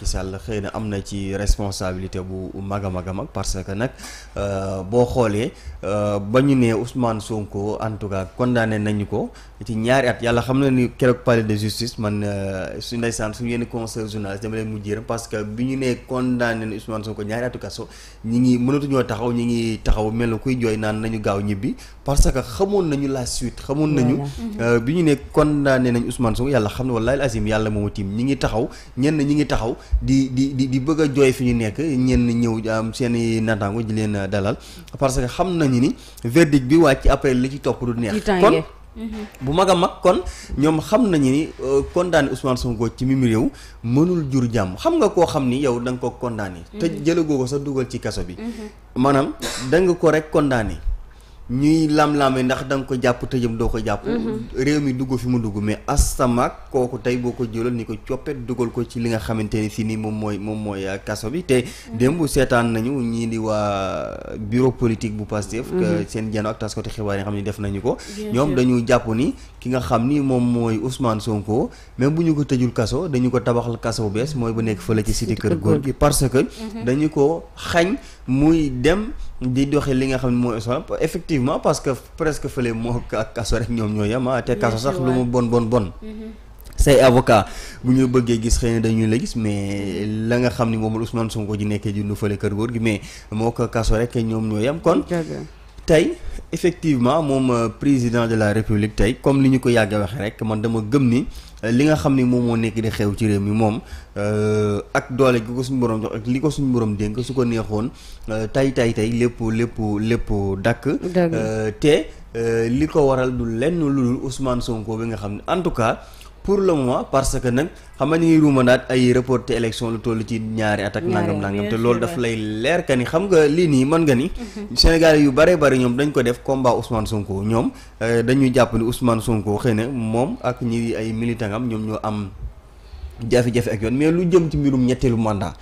Macky Sall xëy na am na ci responsabilité bu mag a mag a mag parce que nag euh, boo xoolee euh, ba ñu nee Ousmane Sonko en tout cas condamné nañu ko ci ñaari at yàlla xam na ni keroog palais de justice man euh, su ndeysaan suñu yenn conseil journaliste parce que bi ñu nee condamné na Ousmane Sonko ñaari atu kaso ñi ngi mënatuñoo taxaw ñi ngi taxaw mel na kuy jooy naan nañu gaaw ñibbi parce que xamoon nañu la suite xamoon nañu mhm. bi ñu ne condamné nañ Ousmane Sonko yàlla xam ne wallaahi azim yàlla moomu tiim ñi ngi taxaw ñenn ñi ngi taxaw di di di di a jooy fi ñu nekk ñenn ñëw am seen i naataango ji leen uh, dalal parce que xam nañu ni verdict bi wàcc après li ci topp du neex kon mhm. bu mag a mag kon ñoom xam nañu ni uh, condamné Ousmane Sonko ci mimi réew mënul jur jàmm xam nga koo xam ni yow da nga ko condamné. Mhm. te jëlagoo ko sax dugal ci kaso bi. Mhm. maanaam da nga ko rek condamné. ñuy lam-lame ndax da nga ko jàpp tëjëm doo ko jàpp mm-hmm. réew mi dugg fi mu dugg mais astamak kooku tey boo ko jëloon ni ko coppet dugal ko ci li nga xamante ni si nii moom mooy moom mooy euh, kaso bi te mm-hmm. démb seetaan nañu ñii di waa bureau politique bu Pastef mm-hmm. seen jano ak taskati xibaar xam ne def nañu ko ñoom dañu jàpp ni ki nga xam ni moom mooy Ousmane Sonko même bu ñu ko tëjul kaso dañu ko tabaxal kaso bu bees mooy bu nekk fële ci cité kër góor gi parce que dañu ko xañ muy dem di doxee li nga xam ne mooy soxla effectivement parce que presque fële moo kaso rek ñoom ñoo yem ah, te kaso sax lu mu bon bon bon mm-hmm. say avocat bu ñu bëggee gis xëy na dañu la gis mais la nga xam ni moom Ousmane Sonko ji nekkee jundu fële kër góor gi mais moo ko kaso rek ñoom ñoo yem kon tey effectivement moom euh, président de la république tey comme li ñu ko yàgg waxee rek man dama gëm ni li nga xam ni moom moo nekk di xew ci réew mi moom euh, ak doole gi ko suñu borom jox ak li ko suñu borom dénk su ko neexoon euh, tay tay tay lépp lépp lépp dakk euh, te li ko waral du lenn lu dul Ousmane Sonko bi nga xam ne en tout cas. pour le moment parce que nag xam nga ni ruumanaat ay reporté élection lu toll ci ñaari at ak nangam nangam te loolu dafa lay leer ka ni xam nga lii nii man nga ni. Mhm. Sénégal yu bare bari ñoom dañ ko def combat Ousmane Sonko ñoom euh, dañuy jàpp ni Ousmane Sonko xëy na moom ak ñi ay militant am ñoom ñoo am jafe-jafe ak yoon mais lu jëm ci mbirum ñetteelu mandat.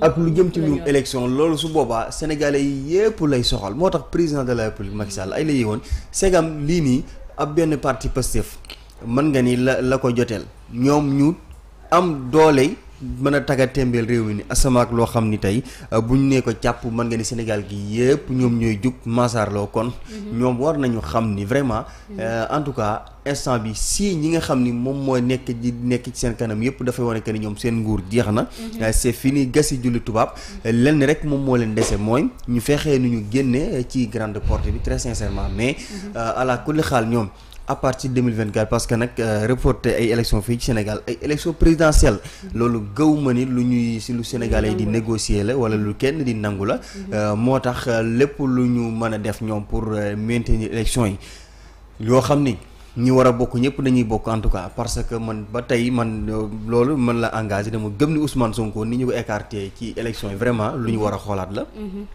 ak lu jëm ci mbirum élection loolu su boobaa sénégalais yi yépp lay soxal moo tax président de la république Macky Sall ay la yeewoon segam lii nii ab benn parti Pastef. mën nga ni la la ko joteel ñoom ñu am doole mën a taga tembeel réew mi ni asamaak loo xam ni tey euh, bu ñu nee ko càpp mën nga ni Sénégal gi yëpp ñoom ñooy jug masaarloo kon mm-hmm. ñoom war nañu xam ni vraiment mm-hmm. euh, en tout cas instant bi sii ñi nga xam ni moom mooy nekk di nekk ci seen kanam yëpp dafay wane que ni ñoom seen nguur jeex na mm-hmm. euh, c'est fini gasi julli tubaab lenn rek moom moo leen dese mooy ñu fexee nu ñu génne ci grande porte bi très sincèrement mais la kulli ñoom à partir de 2024 parce que nag euh, reporté ay élection fii ci Sénégal ay élection présidentielle loolu gëw ma ni lu ñuy si lu Sénégalais di négocier la wala lu kenn di nangu la mhm. euh, moo tax euh, lépp lu ñu mën a def ñoom pour maintenir élection yi yoo xam ni ñi war a bokk ñëpp dañuy bokk en tout cas parce que man ba tey man loolu man la engagé dama gëm ni Ousmane Sonko ni ñu ko écarté ci élection yi vraiment lu ñu war a xoolaat la mhm.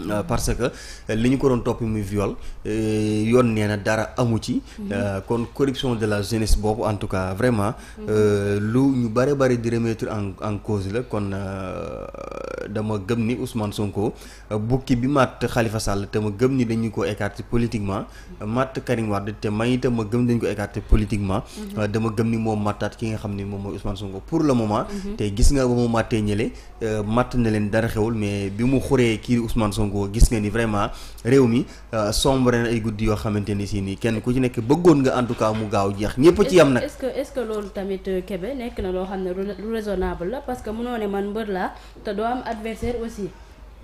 Euh, parce que euh, li ñu ko doon topp muy viol euh, yoon nee na dara amu ci. Mhm. kon corruption de la jeunesse boobu en tout cas vraiment. Mhm. lu ñu bare bare di remettre en en cause la kon. dama gëm ni Ousmane Sonko euh, bukki bi màtt Khalifa Sall te ma gëm ni dañu ko écarté politiquement euh, màtt Karim Wade te may itam ma gëm dañu ko écarté politiquement mhm. euh, dama gëm ni moom màttaat ki nga xam ni moom mooy Ousmane Sonko pour le moment mhm. te gis nga ba mu màttee ñële màtt na leen dara xewul mais bi mu xuree kii Ousmane Sonko gis nga ni vraiment réew mi sombre na ay guddi yoo xamante ni si kenn ku ci nekk bëggoon nga en mu gaaw jeex ñëpp ci yam nag est-ce loolu tamit Kébé nekk na loo xam ne lu raisonnable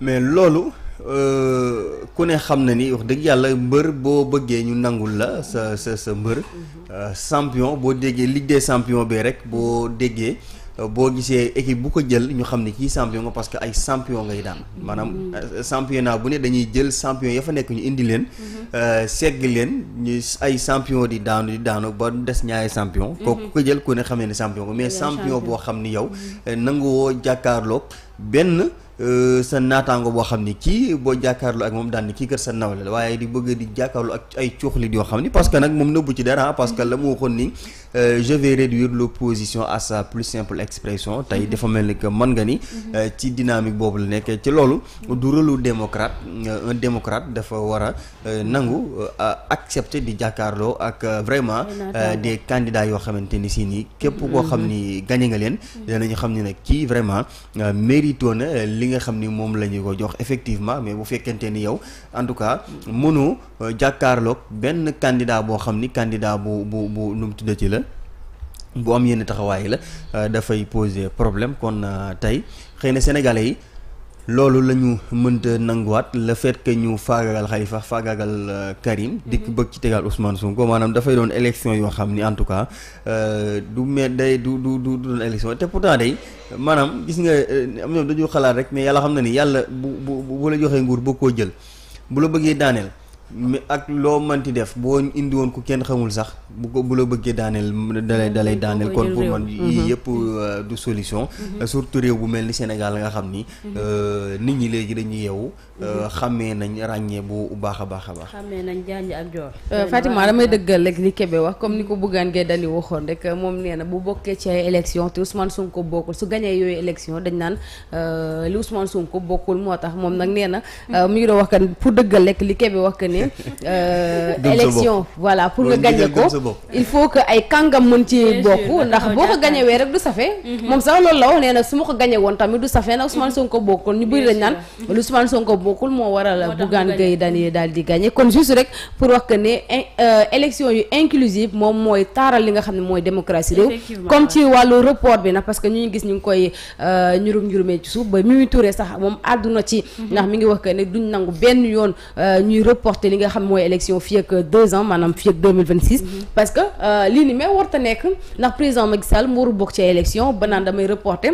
mais loolu euh, ku ne xam na ni wax dëgg yàlla mbër boo bëggee ñu nangul la sa sa sa mbër. Mhm. Euh, champion boo déggee ligue des champions bi rek boo déggee. Euh, boo gisee équipe bu ko jël ñu xam ne kii champion nga parce que ay champion ngay daan maanaam mm-hmm. euh, championnat bu ne dañuy jël champion ya fa nekk ñu indi leen mm-hmm. euh, segg leen ñu ay champion di daanu di daanu ba des ñaari champion mm-hmm. kooku ko jël ku ne xam ne ne champion ko mais champion boo xam ni yow nanguwoo woo jàkkaarloog benn sa naataango boo xam ni kii boo jàkkaarloo ak moom daan ni kii kër sa nawle la waaye di bëgg di jàkkaarloo ak ay cuuxlit yoo xam ni parce que nag moom nëbbu ci dara ah, parce que la mu waxoon ni Euh, je vais réduire l'opposition à sa plus simple expression tey dafa mel ni que mën nga ni euh, ci dynamique boobu la nekk ci loolu du relu démocrate euh, un démocrate dafa war a nangu accepter di jàkkaarloo ak vraiment des candidats yoo xamante ni si nii képp koo xam ni mm-hmm. gagné nga leen danañu xam ni nag kii vraiment mérito na li nga xam ni moom la ñu ko jox effectivement mais bu fekkente ni yow en tout cas mënu jàkkaarlook benn candidat boo xam ni candidat bu bu bu nu mu tuddati la bu am yenn taxawaay la euh, dafay poser problème kon euh, tey xëy na sénégalais yi loolu lañu ñu mënta nanguwaat le fait que ñu faagaagal Khalifa faagaagal euh, Karim mm-hmm. dikk bëgg ci tegal Ousmane Sonko maanaam dafay doon élection yoo xam ni en tout cas du mais day du du du doon élection te pourtant day maanaam gis nga am ñoom dañu xalaat rek mais yàlla xam na ni yàlla bu bu bu la joxee nguur boo koo jël bu la bëggee daaneel mais ak loo mënti def boo indi woon ku kenn xamul sax bu ko bu la bëggee daaneel dalay dalay daaneel kon pour man yii yëpp mhm. euh, du solution mhm. surtout réew bu mel ni Sénégal nga xam ni mhm. euh, nit ñi léegi dañu yeewu euh, xàmmee nañ ràññee bu baax a baax a baax xàmmee nañ janj ak joor Fatima damay dëggal rek li kebe wax comme ni ko Bougane Gueye Dany waxoon rek moom nee na bu bokkee ci ay élection te Ousmane Sonko bokkul su gañee yooyu élection dañ naan li Ousmane Sonko bokkul moo tax moom nag Euh, ne élection voilà pour nga gagné ko il faut que ay kàngam mën ci bokk ndax boo ko gañewee rek du safe mhm. moom sax loolu la wax nee su ma ko gañe tamit du safe mhm. nag Ousmane Sonko bokkul bokkul moo waral Bougane Gueye Dany daal di gagné kon juste rek pour wax que ne euh, élection yu inclusive moom mooy taaral li nga xam ne mooy démocratie réew comme ci wàllu report bi nag parce que ñu ngi gis ñu ngi koy euh, ñurum ñurumee ci suuf ba Mimi Touré sax moom àdduna ci mhm. ndax mi ngi li nga xam mooy élection fii ak deux ans maanaam fii ak mm-hmm. euh, lii ni mais warta nekk ndax président ma Sall mu warul bokk ci élection ba naan damay reporter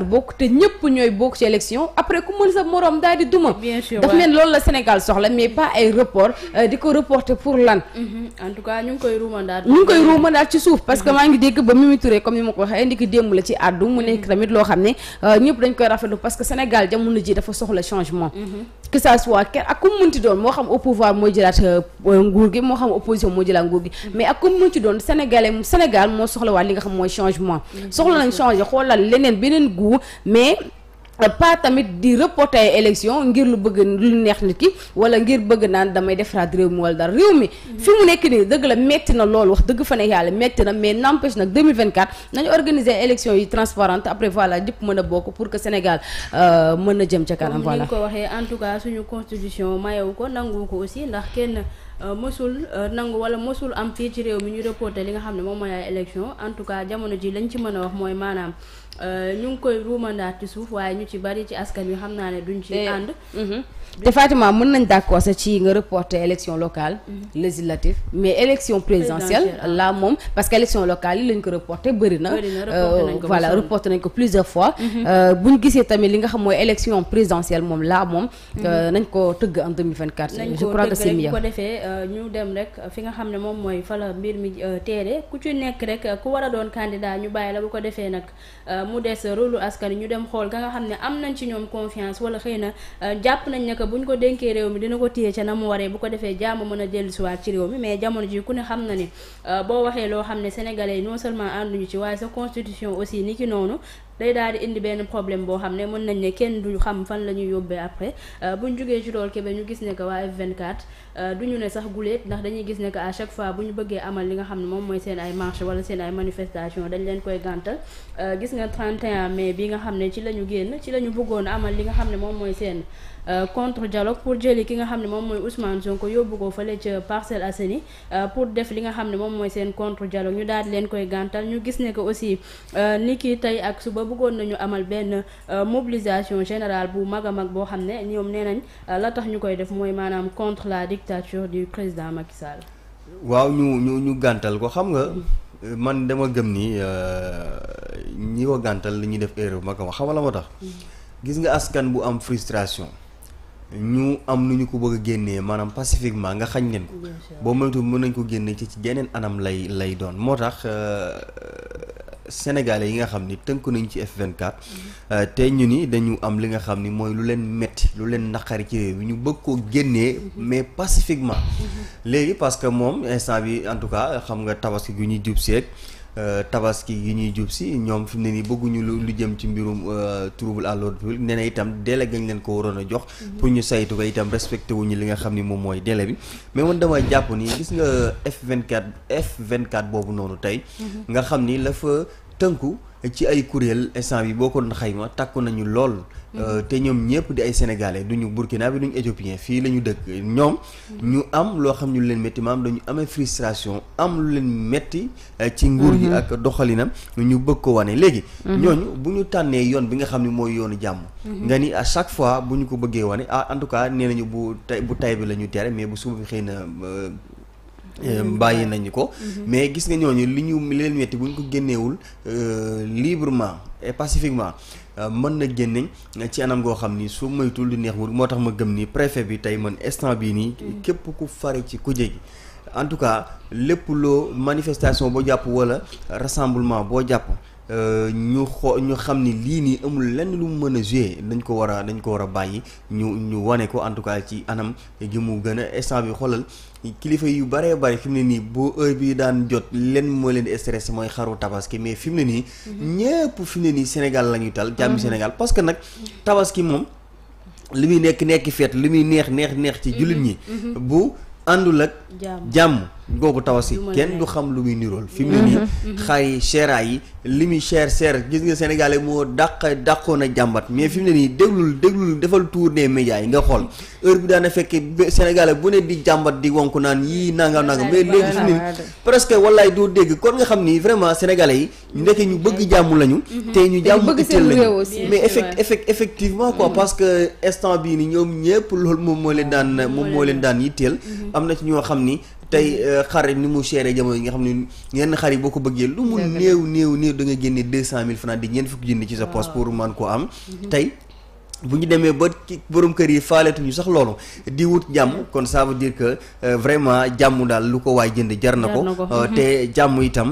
du bokk te ñëpp ñooy bokk ci élection après ku mën sa morom daal di duma. bien sûr daf mel loolu la Sénégal soxla mais pas ay report euh, di ko reporter pour lan. Mhm. en tout cas ñu ngi koy ruumandaat. ñu ngi koy ruumandaat ci suuf parce que maa ngi dégg ba Mimi Touré comme ni ma ko waxee ndiki démb la ci àddu mu nekk mhm. tamit loo xam ne euh, ñëpp dañ koy rafet parce que Sénégal jamono ji dafa soxla changement. Mhm. que ça soit kenn ak ku mu mënti doon moo xam au mooy jëlaat euh, nguur gi moo xam opposition moo jëlaat nguur gi mm. mais ak ku mu mënti doon sénégalais Sénégal moo soxlawaat li nga xam mooy changement mm. soxla nañ changer xoolal leneen beneen goût mais Euh, pas tamit di reporter ay élection ngir lu bëgg lu neex nit ki wala ngir bëgg naan damay defaraat réew mi wala dara réew mi fi mu nekk nii dëgg la metti na loolu wax dëgg fa ne yàlla metti na mais n'empêche nag 2024 nañu organiser élection yi transparente après voilà ñëpp mën a bokk pour que Sénégal euh, mën na jëm ca kanam voilà suñu constitution mayewu ko nangu ko aussi ndax kenn Euh, mosul euh, nangu wala mosul am fii ci réew mi ñu reporté li nga xam ne moom mooy ay élection en tout cas jamono ji lañ ci mën a wax mooy maanaam euh, ñu ngi koy ruumandaat ci suuf waaye ñu ci bari ci askan wi xam naa ne duñ ci eh, ànd mhm. te Fatima mën nañ d'accord sa ci nga reporter élection locale mhm. législative mais élection présidentielle là moom parce que élection locale yi lañ ko reporter bëri na voilà reporter nañ ko plusieurs fois mhm. buñ gisee tamit li nga xam mooy élection présidentielle moom là moom nañ ko tëgg en 2024 je crois ñu dem rek fi nga xam ne moom mooy fa la mbir mi euh, téere ku ci nekk rek ku war a doon candidat ñu bàyyi la bu ko defee nag euh, mu des rôle askan yi ñu dem xool ka nga xam ne am nañ ci ñoom confiance wala xëy na euh, jàpp nañ ne que buñ ko dénkee réew mi dina ko téye ca na mu waree bu ko defee jàmm mën a dellusiwaat ci réew mi mais jamono ji ku ne xam na ne boo waxee loo xam ne sénégalais non seulement ànduñu ci waaye sa constitution aussi ni ki noonu day daal di indi benn problème boo xam ne mën nañ ne kenn du xam fan la ñuy yóbbee après euh, ñu jógee ci loolu Kébé ñu gis ne que waa F24 euh, ñu ne sax guleet ndax dañuy gis ne que à chaque fois bu ñu bëggee amal li nga xam ne moom mooy seen ay marché wala seen ay manifestation dañ leen koy gàntal euh, gis nga 31 mai bi nga xam ne ci la ñu génn ci la ñu bëggoon amal li nga xam ne moom mooy seen Euh, contre dialogue pour jëli ki nga xam ne moom mooy Ousmane Sonko yóbbu ko fële ca Parcelles Assainies euh, pour def li nga xam ne moom mooy seen contre dialogue ñu daal leen koy gàntal ñu gis ne que aussi euh, ni ki tey ak suba bëggoon nañu amal benn mobilisation général bu mag a mag boo xam ne ñoom nee nañ la tax ñu koy def mooy maanaam contre la dictature du président Macky Sall. waaw ñu ñu ñu gàntal ko xam nga man dama gëm ni ñi ko gàntal li ñuy def erreur bu mag a mag xamala mm. gis nga askan bu am frustration ñu am nu ñu ko bëgg a génnee maanaam pacifiquement nga xañ leen ko boo moytu mën nañ ko génne ci ci geneen anam lay lay doon moo tax euh, sénégalais yi nga xam ni tënk nañ ci F24 mhm. euh, te ñu ni dañu am li nga xam ni mooy lu leen metti lu leen naqari ci réew ñu bëgg ko génnee mhm. mais pacifiquement mhm. léegi parce que moom instant bi en tout cas xam nga tabaski gu ñuy jub seeg Euh, tabaski yi ñuy jub si ñoom fi mu ne nii bëgguñu lu lu jëm ci mbirum euh, trouble à l'ordre public nee na itam délai gañ leen ko waroon a jox. Mhm. pour ñu saytu ko itam respecté wuñu li nga xam ni moom mooy délai bi mais man dama jàpp ni gis nga F24 F24 boobu noonu tey. Mhm. nga xam ni la fa tënku ci ay kuréel instant bi boo ko doon xayma takku nañu lool. Euh, te ñoom ñëpp di ay sénégalais duñu burkina bi duñu éthiopien fii la ñu dëkk ñoom. ñu am loo xam ñu leen métti maam dañu amee frustration am lu leen métti. Euh, ci nguur gi mhm. ak doxalinam ñu bëgg ko wane léegi. Mhm. ñooñu bu ñu tànnee yoon bi nga xam ne mooy yoonu jàmm. Mhm. nga ni à chaque fois bu ñu ko bëggee wane ah en tout cas nee nañu bu tay bu tay bi la ñu tere mais bu suba bi xëy na. Euh, Euh, mm-hmm. bàyyi nañu ko. Mm-hmm. mais gis nga ñooñu li ñu li leen metti bu ñu ko génneewul euh, librement et pacifiquement euh, mën na génne ci anam goo xam ni su moytul du neex wul moo tax ma gëm nii préfet bi tey mën instant bii nii. Mm-hmm. képp ku fare ci kuje gi. en tout cas lépp loo manifestation boo jàpp walla rassemblement boo jàpp. ñu xoo ñu xam ni lii nii amul lenn lu mu mën a joué dañ ko war a dañ ko war a bàyyi ñu ñu wane ko en tout cas ci anam ji mu gën a instant bi xoolal kilifa yu baree bari fi mu ne nii boo heure bi daan jot lenn moo leen di stress mooy xaru tabaski mais fi mu ne nii. Mhm. ñëpp fi ne nii Sénégal la ñuy tal. jàmm mhm. Sénégal parce que nag tabaski moom li muy nekk nekk feet li muy neex neex neex ci mhm. jullit ñi. bu àndul ak jàmm. googu tabaski kenn du xam lu muy nirool fi mu ne nii xar yi seeraay yi li muy cher cher gis nga sénégalais moo dàq dàqoon a jàmbat mais fi mu ne nii déglul déglul defal tournée média yi nga xool heure bi daana fekkee sénégalais bu ne di jàmbat di wonk naan yii nangam nangam mais léegi fi mu ne nii presque wallaay doo dégg kon nga xam ni vraiment sénégalais yi mhm. ndeke ñu bëgg jàmm lañu mhm. te ñu jàmm itteel lañu mais effect effect effectivement ko mhm. parce que instant bii ni ñoom ñëpp loolu moom moo leen daan moom moo leen daan yitteel am na ci ñoo xam ni tey euh, xar ni mu chéré jamono yi nga xam ne yenn xar yi boo ko bëggee lu mu néew néew néew da génne deux cent mille francs di ñeent fukki junni ci sa poche ah. pour man koo am mhm. tey bu ñu demee ba boroom kër yi faaleetuñu sax loolu di wut jàmm kon ça veut dire que euh, vraiment jàmm daal lu ko waay jënd jar na ko euh, te jàmm itam